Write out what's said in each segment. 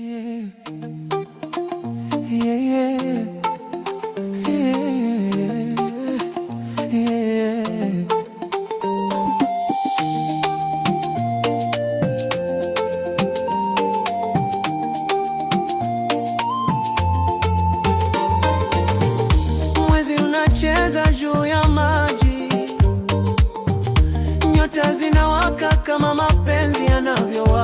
Yeah. Yeah, yeah. juu ya maji, nyota zinawaka kama mapenzi yanavyo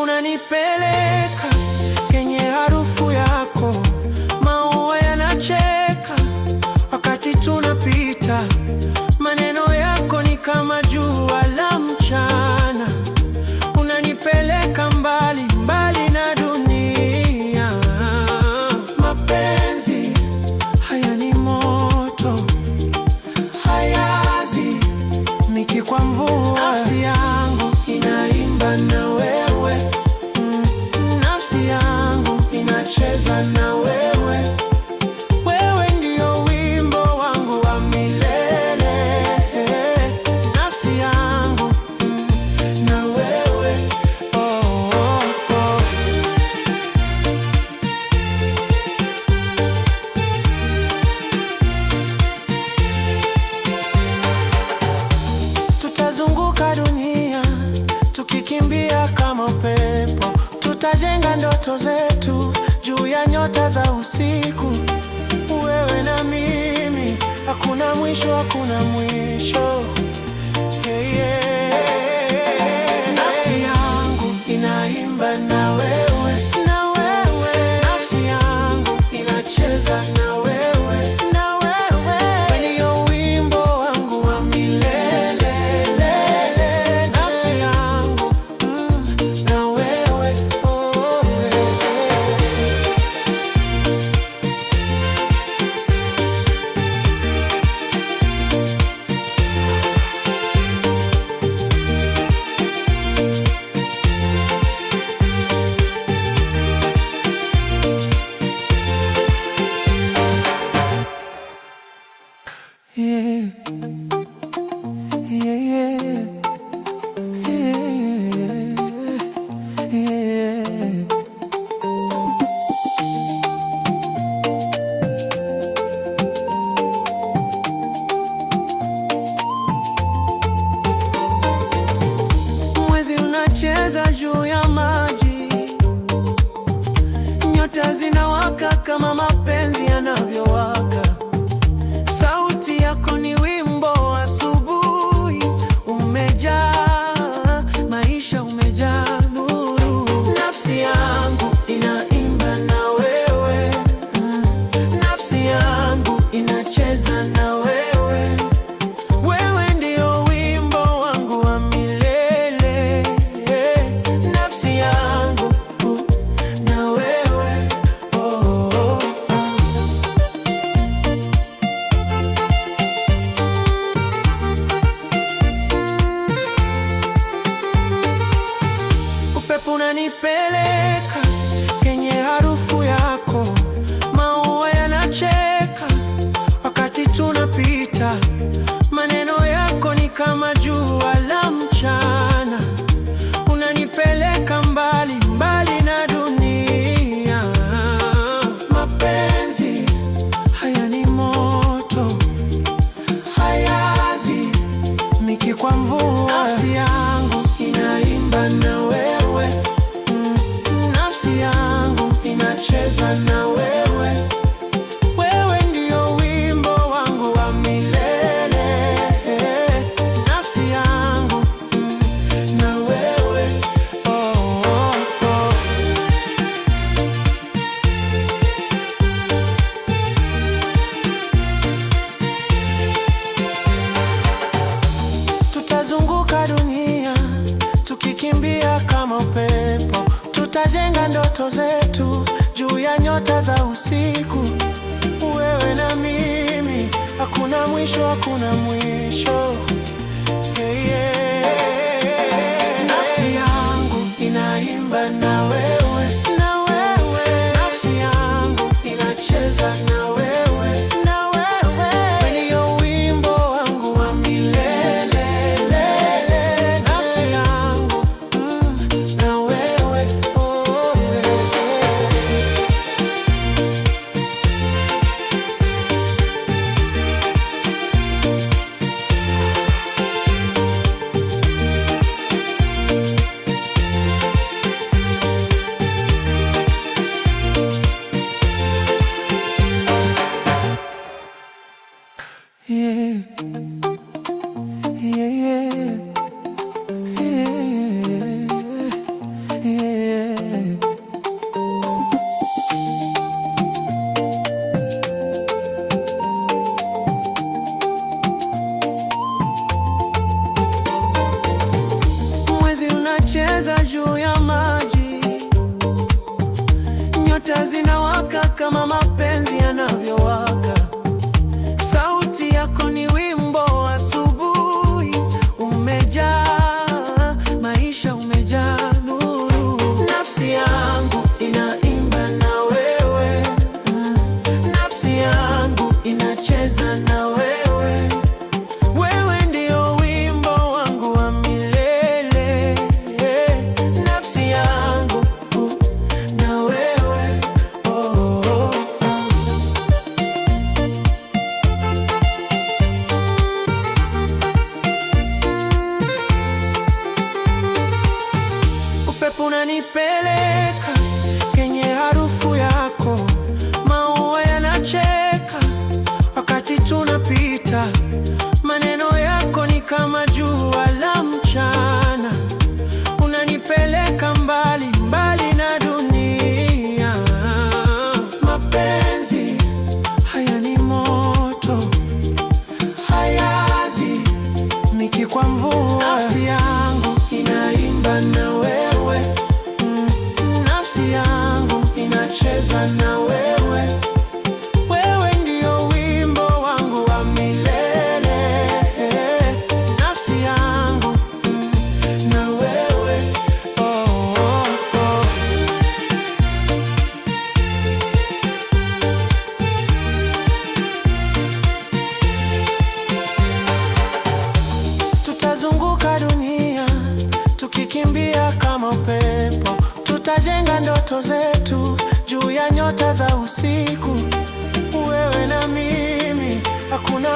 unanipeleka kenye harufu zetu juu ya nyota za usiku, wewe na mimi, hakuna mwisho, hakuna mwisho. yeah. Yeah, yeah. Yeah, yeah. Mwezi unacheza juu ya maji, nyota zinawaka kama mapenzi yanavyo unanipeleka mwisho hakuna mwisho. Mwezi unacheza juu ya maji, nyota zinawaka kama mapenzi yanavyowaka inacheza na wewe. Wewe ndio wimbo wangu wa milele, nafsi yangu na wewe oh, oh. Upepo unanipeleka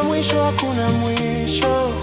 mwisho, hakuna mwisho.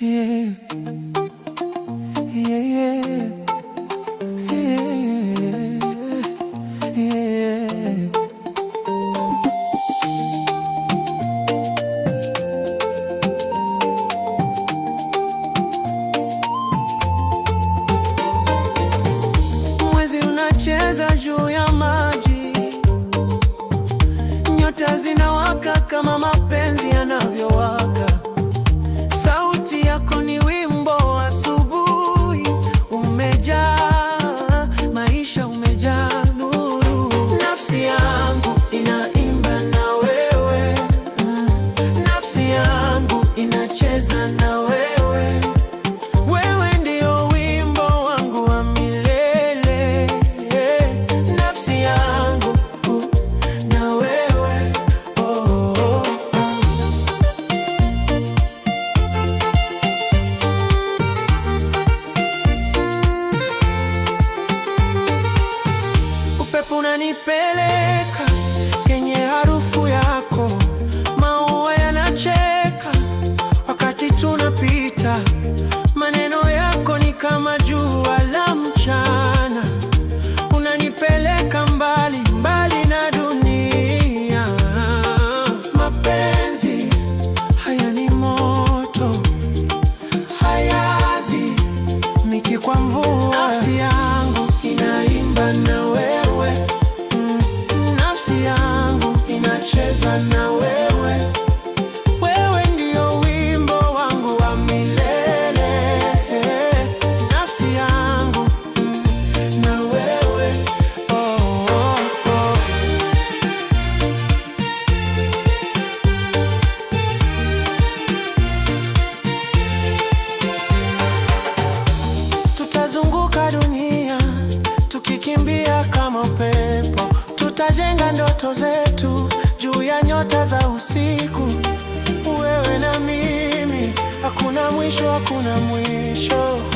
Yeah. Mwezi unacheza juu ya maji, nyota zinawaka kama mapenzi yanavyowaka naweza na wewe, wewe ndio wimbo wangu wa milele, nafsi yangu na wewe oh, oh, oh. Upepo unanipeleka mwisho, hakuna mwisho.